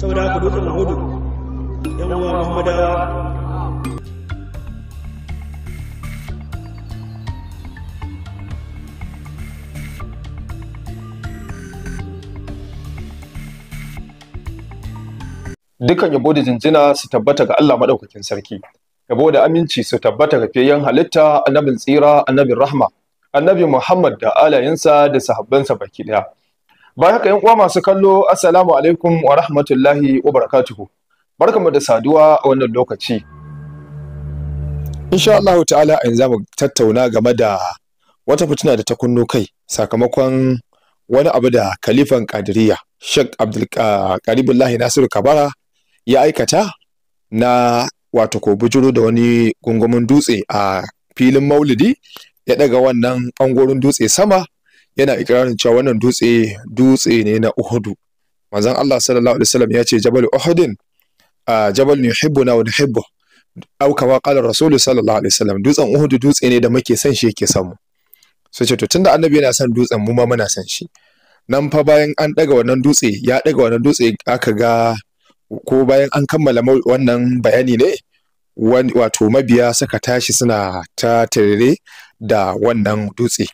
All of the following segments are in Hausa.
saboda haka dutsen mahudu yan uwa muhammadawa dukan yabo da jinjina su tabbata ga Allah maɗaukakin sarki yabo da aminci su tabbata ga fiyayyen halitta annabin tsira annabin rahma annabi Muhammad da alayensa da sahabbansa baki ɗaya. Bayan haka yan uwa masu kallo assalamu alaikum wa rahmatullahi wa barakatuhu. Barkamu da saduwa a wannan lokaci. Insha Allah ta'ala yanzu mu tattauna game da wata fitina da ta kunno kai sakamakon wani abu da kalifan Qadiriyya Sheikh Abdul ah, Nasiru Kabara ya aikata na wato ko bujuro da wani gungumin dutse a filin Maulidi ya daga wannan bangorin dutse sama yana ikirarin cewa wannan dutse dutse ne na Uhudu manzon Allah sallallahu alaihi wasallam ya ce jabal Uhudin jabal na wa Hibbu au kama qala rasul sallallahu alaihi wasallam dutsen Uhudu dutse ne da muke son shi yake samu sai ce to tunda annabi yana san dutsen mu ma muna son shi nan fa bayan an daga wannan dutse ya daga wannan dutse aka ga ko bayan an kammala wannan bayani ne wato mabiya suka tashi suna ta tarire da wannan dutse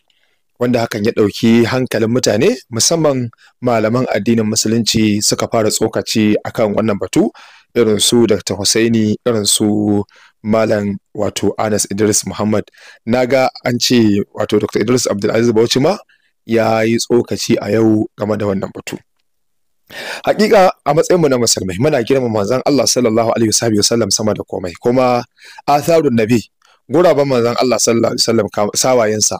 wanda hakan ya ɗauki hankalin mutane musamman malaman addinin musulunci suka fara tsokaci akan wannan batu irin su dr husaini irin malam wato anas idris muhammad na ga an ce wato dr idris abdulaziz bauchi ma ya yi tsokaci a yau game da wannan batu Hakika a matsayinmu na musulmai muna girma manzon Allah sallallahu alaihi wasallam sama da komai kuma atharun nabi guraben manzon Allah sallallahu alaihi wasallam sawayensa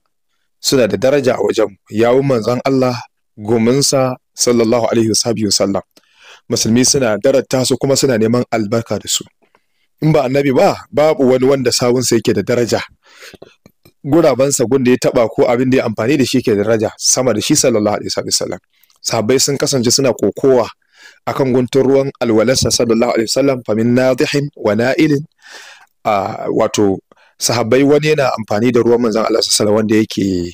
suna da daraja a wajen yawun manzon Allah gominsa sallallahu alaihi wa musulmi suna darata su kuma suna neman albarka da su in ba annabi ba babu wani wanda sawunsa yake da daraja gurabansa gunda ya taba ko abin da ya amfani da shi ke da daraja sama da shi sallallahu alaihi wa sallam sahabbai sun kasance suna kokowa akan guntun ruwan alwalarsa sallallahu alaihi wasallam famin nadihin wa na'ilin wato sahabbai wani yana amfani da ruwan manzan Allah sallallahu wanda yake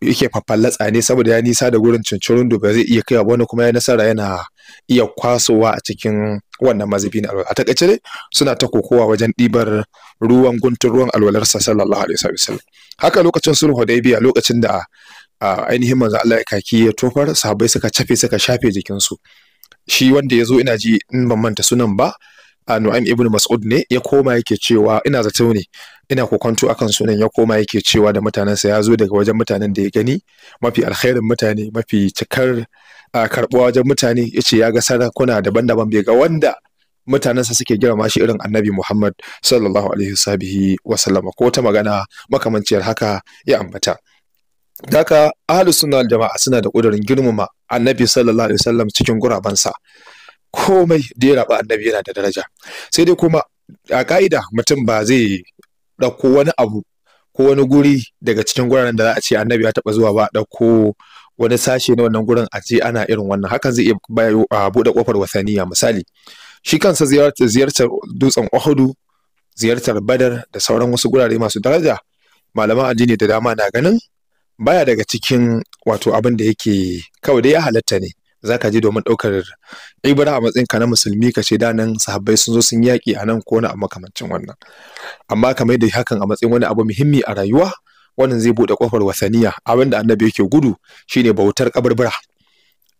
yake fafallatsa ne saboda ya nisa da gurin cincirin da ba zai iya kaiwa wani kuma ya nasara yana iya kwasowa a cikin wannan mazubi na alwala a takaice dai suna ta kokowa wajen ɗibar ruwan guntun ruwan sa sallallahu alaihi wasallam haka lokacin sulhu hudaybiya lokacin da ainihin manzo Allah ya kaki ya tofar sahabbai suka cafe suka shafe jikin su shi wanda ya zo ina ji in ban manta sunan ba a Nu'aym ibn Mas'ud ne ya koma yake cewa ina zato ne ina kokonto akan sunan ya koma yake cewa da mutanensa ya zo daga wajen mutanen da ya gani mafi alkhairin mutane mafi cikar a wajen mutane ya ce ya ga sarakuna daban-daban bai ga wanda mutanensa suke girma shi irin annabi Muhammad sallallahu alaihi wasabihi wa ko ta magana makamanciyar haka ya ambata daka ahlus sunna jama'a suna da kudurin girmama annabi sallallahu alaihi wasallam cikin gurabansa komai da ya raba annabi yana da daraja sai dai kuma a ka'ida mutum ba zai ɗauko wani abu ko wani guri daga cikin guraren da za a ce annabi ya taɓa zuwa ba ɗauko wani sashe na wannan gurin a ce ana irin wannan hakan zai iya buɗe ƙofar wasaniya misali shi kansa ziyartar dutsen Ohudu ziyartar Badar da sauran wasu gurare masu daraja malaman addini da dama na ganin baya daga cikin wato abin da yake kawai dai ya halatta ne za ka je domin ɗaukar ibra a matsayinka na musulmi ka ce danan sahabbai sun zo sun yaƙi a nan ko na a makamancin wannan amma kamar da hakan a matsayin wani abu muhimmi a rayuwa wannan zai buɗe ƙofar wasaniya abin da annabi yake gudu shine bautar kabarbara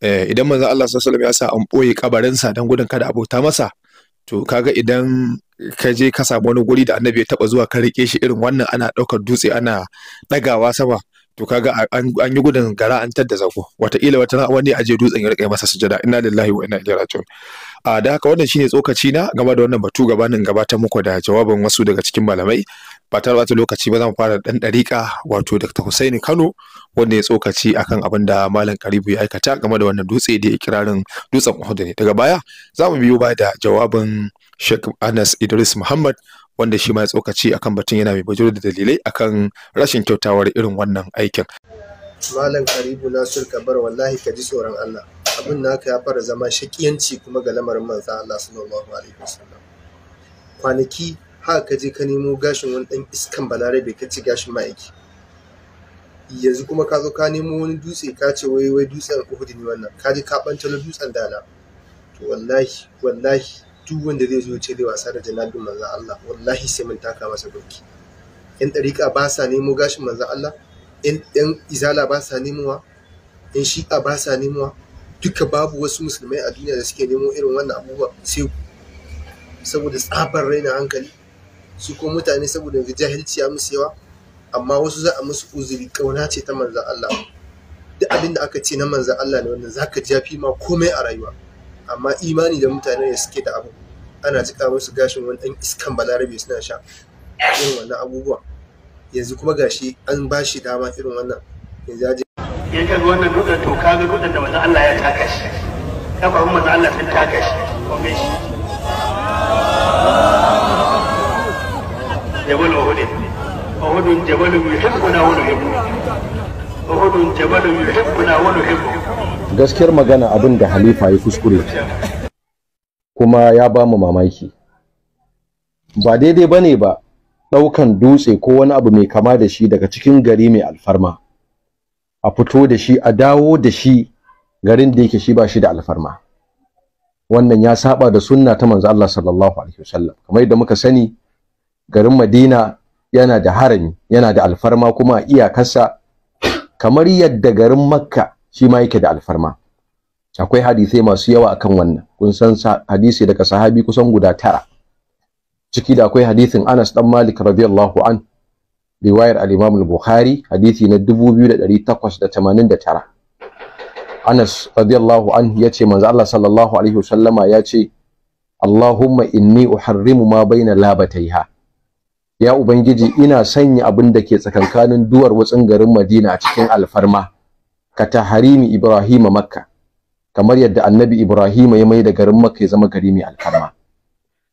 eh, idan manzo Allah sallallahu alaihi wasallam ya sa an ɓoye kabarinsa dan gudun kada abota masa to kaga idan ka je ka samu wani guri da annabi ya taba zuwa ka rike shi irin wannan ana ɗaukar dutse ana dagawa sama to kaga an yi gudun gara an tadda zako wataƙila wata wani aje dutsen ya riƙe masa sujada ina lillahi wa ina ilaihi raji'un a da haka wannan shine tsokaci na game da wannan batu gabanin gabatar muku da jawabin wasu daga cikin malamai ba tare da lokaci ba za mu fara dan dariƙa wato Dr. Husaini Kano wanda ya tsokaci akan abin da Malam Karibu ya aikata game da wannan dutse da ya kirarin dutsen Uhud ne daga baya za mu biyo ba da jawabin Sheikh Anas Idris Muhammad wanda shi ma ya tsokaci akan batun yana mai bujiro da dalilai akan rashin kyautawar irin wannan aikin malam karibu nasir kabar wallahi ka ji tsoron Allah abin naka ya fara zama shakiyanci kuma ga lamarin manzan Allah sallallahu alaihi wasallam kwanaki haka ka je ka nemo gashin wani dan iskan balarabe ka ci gashin ma'aiki yanzu kuma ka zo ka nemo wani dutse ka ce wai wai dutsen Uhud ne wannan ka je ka bantalo dutsen dala to wallahi wallahi duk wanda zai zo ce zai wasa da janabin manzan Allah wallahi sai mun taka masa doki yan dariƙa ba sa nemo gashin manzan Allah yan izala ba sa nemowa yan shi'a ba sa nemowa duka babu wasu musulmai a duniya da suke nemo irin wannan abubuwa sai saboda tsabar raina hankali su ko mutane saboda yanzu jahilci ya musu yawa amma wasu za a musu uzuri kauna ce ta manzan Allah duk abin da aka ce na manzan Allah ne wannan zaka ji ma komai a rayuwa amma imani da mutane da suke da abu ana cika musu gashin wani ɗan iskan balarabe suna sha irin wannan abubuwa yanzu kuma gashi an ba shi dama irin wannan yanzu ya je ya ga wannan dutsen to ka ga dutsen da manzon Allah ya taka shi kafafun manzon Allah sun taka shi kun ga shi jabal uhud uhud jabal yuhibbuna wa nuhibbu uhud jabal yuhibbuna wa nuhibbu gaskiyar magana abin da halifa ya kuskure kuma ya ba mu mamaki ba daidai ba ne ba ɗaukan dutse ko wani abu mai kama da shi daga cikin gari mai alfarma a fito da shi a dawo da shi garin da yake shi ba shi da alfarma wannan ya saba da sunna ta manzo Allah sallallahu alaihi wasallam kamar yadda muka sani garin Madina yana da harami yana da alfarma kuma iyakarsa kamar yadda garin Makka shi ma yake da alfarma akwai hadisai masu yawa akan wannan kun san hadisi daga sahabi kusan guda tara ciki da akwai hadisin Anas dan Malik radiyallahu an riwayar al-Imam al-Bukhari hadisi na 2889 Anas radiyallahu an yace manzo Allah sallallahu alaihi wasallama yace Allahumma inni uharrimu ma baina labataiha ya ubangiji ina sanya abin da ke tsakankanin duwar wutsin garin Madina a cikin alfarma ka taharimi Ibrahim a Makka kamar yadda annabi Ibrahim ya mai da garin Makka ya zama gari mai alfarma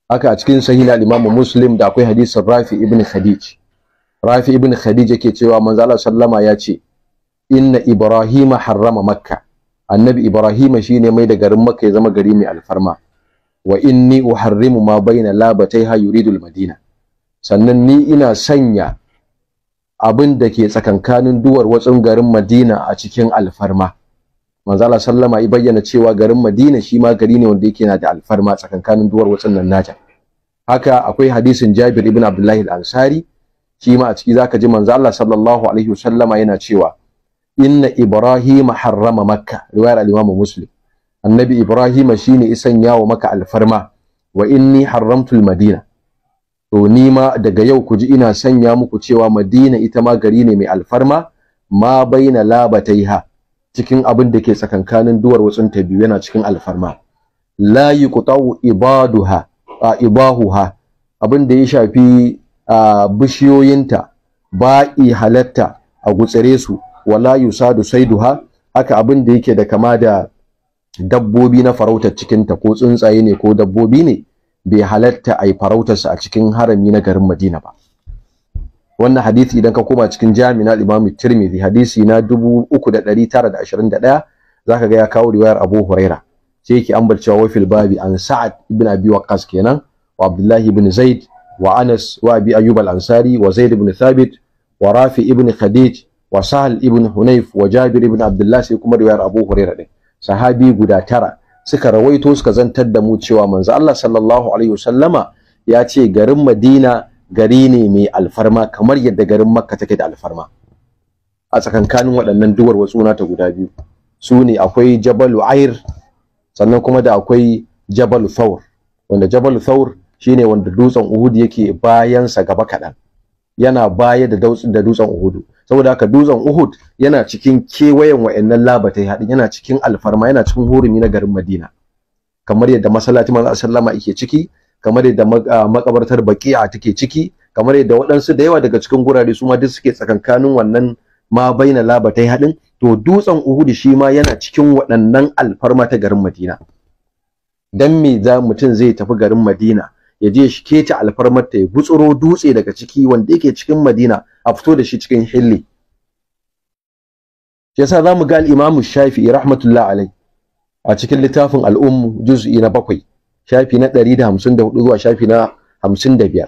haka a cikin sahih al-Imam Muslim da akwai hadisin Rafi ibn Khadij Rafi ibn Khadij yake cewa manzo Allah sallama ya ce inna Ibrahim harrama Makka annabi Ibrahim shine mai da garin Makka ya zama gari mai alfarma wa inni uharrimu ma baina labataiha yuridu al-Madina sannan ni ina sanya abin da ke tsakankanin duwar watsun garin Madina a cikin alfarma manzo Allah sallama ya bayyana cewa garin Madina shi ma gari ne wanda yake na da alfarma tsakankanin duwar watsan nan nata haka akwai hadisin Jabir ibn Abdullah al-Ansari shi ma a ciki zaka ji manzo Allah sallallahu alaihi wasallama yana cewa inna Ibrahim harrama Makka riwayar al-Imam Muslim annabi Ibrahim shine isan yawo maka alfarma wa inni harramtu al-Madina to ni ma daga yau ku ji ina sanya muku cewa Madina ita ma gari ne mai alfarma ma baina labataiha cikin abin da ke tsakankanin duwar ta biyu yana cikin alfarma la yuqta'u ibaduha a ibahuha abin da ya shafi a bishiyoyinta ba'i halatta a gutsare su wala yusadu saiduha haka abin da yake da kama da dabbobi na farautar cikinta ko tsuntsaye ne ko dabbobi ne bai halatta a yi farautarsa a cikin harami na garin Madina ba wannan hadisi idan ka koma cikin jami'a al-Imam Tirmidhi hadisi na 3921 zaka ga ya kawo riwayar Abu Huraira sai yake ambacewa wa fil babi an Sa'ad ibn Abi Waqqas kenan wa Abdullah ibn Zaid wa Anas wa Abi Ayyub al-Ansari wa Zaid ibn Thabit wa Rafi ibn Khadij wa Sahal ibn Hunayf wa Jabir ibn Abdullah sai kuma riwayar Abu Huraira din sahabi guda tara suka rawaito suka zantar da mu cewa manzo Allah sallallahu alaihi wasallama ya ce garin Madina gari ne mai alfarma kamar yadda garin makka take da alfarma a tsakankanin waɗannan duwar wasu ta guda biyu su ne akwai jabalu air sannan kuma da akwai jabalu thawr wanda jabalu thawr shine wanda dutsen uhud yake bayansa gaba kaɗan yana baya da dutsen uhudu saboda haka dutsen uhud yana cikin kewayen wa'annan labatai haɗin yana cikin alfarma yana cikin hurumi na garin madina kamar yadda masallaci manzo sallama yake ciki kamar yadda ah, makabartar baki'a take ciki kamar yadda waɗansu da yawa daga cikin gurare su ma duk suke tsakankanin wannan ma baina labatai haɗin to dutsen Uhud shi ma yana cikin waɗannan alfarma ta garin Madina dan me za mutum zai tafi garin Madina ya je shi keta alfarmar ta ya gutsuro dutse daga ciki wanda yake cikin Madina a fito da shi cikin hilli yasa zamu ga al-Imam Shafi'i rahmatullahi alai a cikin littafin al-Umm juz'i na bakwai shafi na 154 zuwa shafi na 55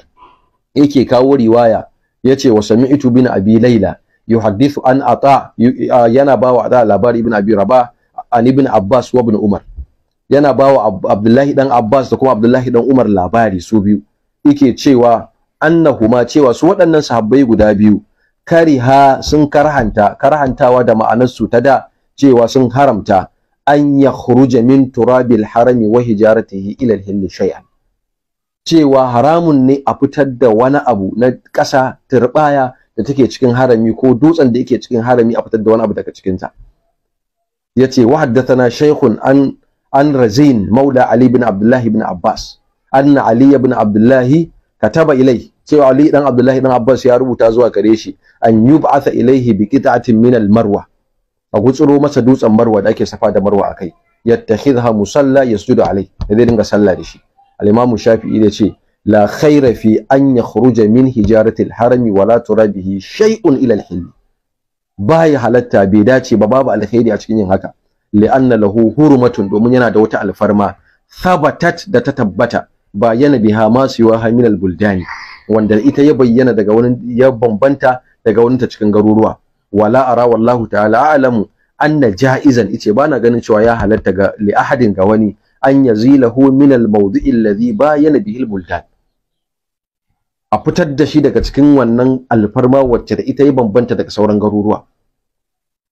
yake kawo riwaya yace wa sami'tu bin abi laila yuhaddithu an ata yana bawa ata labari ibn abi rabah an ibn abbas wa ibn umar yana bawa abdullahi ɗan abbas da kuma abdullahi dan umar labari su biyu yake cewa annahuma cewa su waɗannan sahabbai guda biyu kariha sun karhanta karhantawa da ma'anarsu ta da cewa sun haramta an khuruja min turabil harami wa hijaratihi ila al shay'an cewa haramun ne a fitar da wani abu na ƙasa turbaya da take cikin harami ko dutsen da yake cikin harami a fitar da wani abu daga cikin ta yace wa haddathana shaykhun an an razin maula ali ibn abdullah ibn abbas anna ali ibn abdullah kataba ilai cewa ali dan abdullah dan abbas ya rubuta zuwa gare shi an yub'atha ilaihi bi qit'atin min al-marwa a gutsuro masa dutsen marwa da ake safa da marwa a kai, akai yattakhidha musalla yasjudu alai da zai dinga sallah da shi al-imamu shafi'i da ce la khaira fi an yakhruja min hijarati al-harami wala turabihi shay'un ilal al Ba ya halatta bai dace ba babu alkhairi a cikin yin haka li'anna lahu hurumatun domin yana da wata alfarma thabatat da ta tabbata bayyana biha ma siwa haminal buldani wanda ita ya bayyana daga wani ya bambanta daga wani ta cikin garuruwa wala ara wallahu ta'ala a'lamu anna ja'izan ice bana ganin cewa ya halatta ga li ahadin ga wani an yazilahu min al mawdi'i alladhi bayana bihi al buldan a fitar da shi daga cikin wannan alfarma wacce da ita ya bambanta daga sauran garuruwa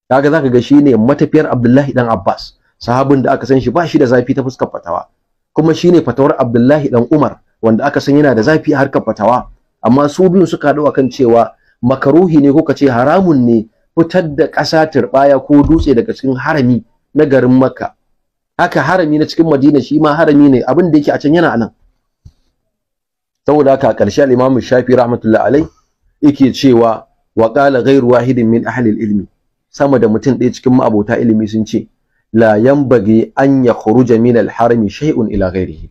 kaga zaka ga shine matafiyar Abdullahi dan Abbas sahabin da aka san shi ba shi da zafi ta fuskar fatawa kuma shine fatawar Abdullahi dan Umar wanda aka san yana da zafi a harkar fatawa amma su biyun suka haɗu kan cewa makaruhi ne ko ka ce haramun ne fitar da ƙasa turɓaya ko dutse daga cikin harami na garin makka haka harami na cikin madina shi ma harami ne abin da yake a can yana anan saboda haka ƙarshe al-imam shafi rahmatullah alai yake cewa wa qala ghairu wahidin min ahli ilmi sama da mutum ɗaya cikin ma'abota ilimi sun ce la yanbaghi an yakhruja min al-harami shay'un ila ghairihi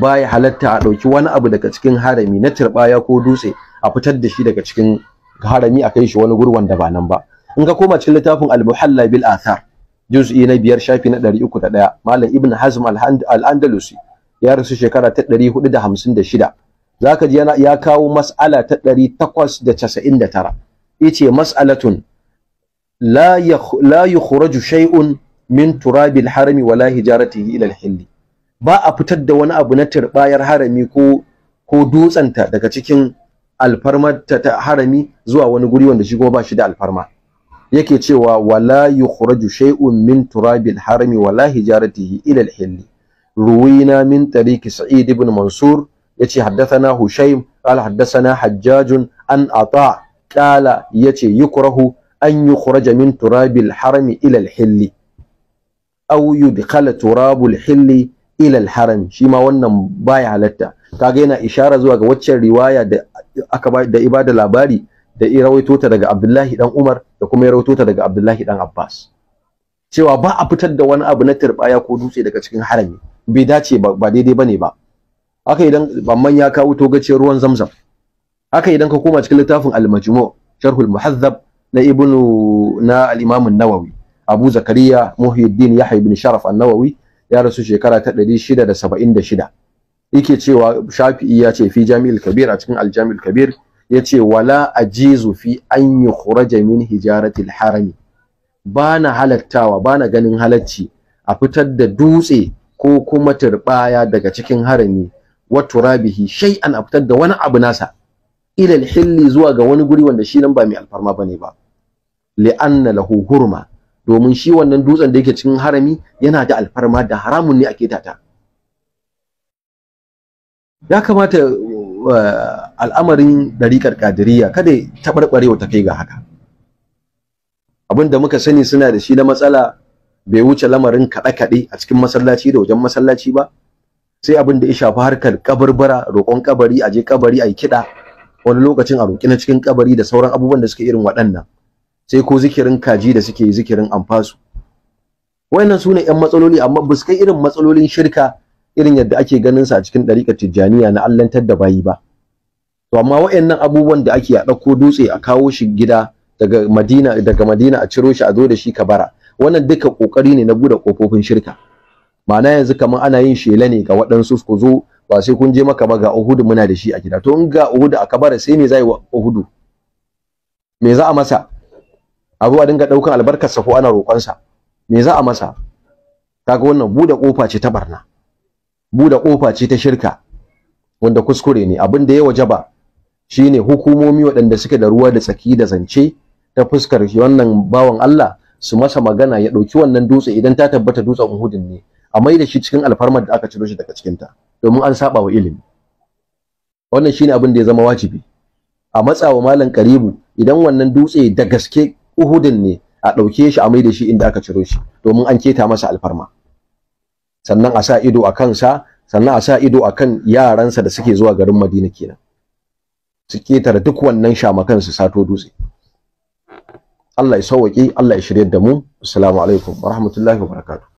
baya halatta a ɗauki wani abu daga cikin harami na turbaya ko dutse a fitar da shi daga cikin harami a kai shi wani gurwan da ba nan ba in ka koma cikin littafin al-muhalla bil athar juz'i na biyar shafi na 301 malam ibn hazm al-andalusi ya rasu shekara ta 456 zaka ji yana ya kawo mas'ala ta 899 yace mas'alatun la la yukhraju shay'un min turabil harami wala hijaratihi ila al ba a fitar da wani abu na turbayar harami ko ko dutsanta daga cikin Alfarma ta harami zuwa wani guri wanda shi kuma ba shi da alfarma yake cewa wala yukhraju shay'un min turabil harami wala hijaratihi ila al ruwina min tariqi sa'id ibn mansur yace haddathana hushaym qala haddathana hajjaj an ata qala yace yukrahu an yukhraja min turabil harami ila al-hill aw yudkhala turabul hilli ila al-haram shi ma wannan baya halatta kaga yana ishara zuwa ga waccan riwaya da aka da ibada labari da ya rawaito ta daga Abdullahi dan Umar da kuma ya rawaito ta daga Abdullahi dan Abbas cewa ba a fitar da wani abu na turbaya ko dutse daga cikin harami bai dace ba ba daidai bane ba haka idan bamman ya kawo togaciyar ruwan zamzam haka idan ka koma cikin littafin al-majmu' sharh muhazzab na ibnu na al-imam an-nawawi abu zakariya muhyiddin yahya ibn sharaf an-nawawi ya rasu shekara ta 676 yake cewa shafi'i ya ce fi jami'il kabir a cikin aljami'il kabir ya ce wala ajizu fi an yi khuraja min hijaratil harami ba na halattawa ba na ganin halacci a fitar da dutse ko kuma turbaya daga cikin harami wa turabihi shay'an a fitar da wani abu nasa ila hilli zuwa ga wani guri wanda shi nan ba mai alfarma bane ba li'anna lahu hurma domin shi wannan dutsen da yake cikin harami yana da alfarma da haramun ne ake tata ya kamata eh, al'amarin dariƙar kadiriya kada ta taɓarɓarewa ta kai ga haka abin da muka sani suna da shi na matsala bai wuce lamarin kaɗe-kaɗe a cikin masallaci da wajen masallaci ba sai abinda da ya shafi harkar kabarbara roƙon kabari a je kabari a yi kiɗa wani lokacin a roƙi na cikin kabari da sauran abubuwan da suke irin waɗannan sai ko zikirin kaji da suke zikirin amfasu wayannan su ne 'yan matsaloli amma ba su kai irin matsalolin shirka irin yadda ake ganin sa a cikin ɗariƙar tijjaniya na allantar da bayi ba to amma waɗannan abubuwan da ake a ɗauko dutse a kawo shi gida daga madina daga madina a ciro shi a zo da shi kabara wannan duka kokari ne na buɗe ƙofofin shirka ma'ana yanzu kamar ana yin shela ne ga waɗansu ku zo ba sai kun je maka ba ga uhudu muna da shi a gida to in ga uhudu a kabara sai me zai wa uhudu me za a masa abu a dinga albarkar sa ko ana roƙonsa me za a masa kaga wannan buɗe kofa ce ta barna buɗe ƙofa ce ta shirka wanda kuskure ne abin da ya wajaba shine hukumomi waɗanda suke da ruwa da tsaki da zance ta fuskar wannan bawan Allah su masa magana ya ɗauki wannan dutse idan ta tabbata dutsen Uhudin ne a mai da shi cikin alfarmar da aka ciro shi daga cikinta domin an saba wa ilimi wannan shine abin da ya zama wajibi a matsawa malam karibu idan wannan dutse da gaske Uhudin ne a ɗauke shi a mai da shi inda aka ciro shi domin an keta masa alfarma sannan a sa ido a kansa sannan a sa ido a kan yaransa da suke zuwa garin madina kenan su ketare duk wannan shamakan su sato dutse Allah ya sauwaƙe Allah ya shirya da mu assalamu alaikum wa rahmatullahi wa barakatuh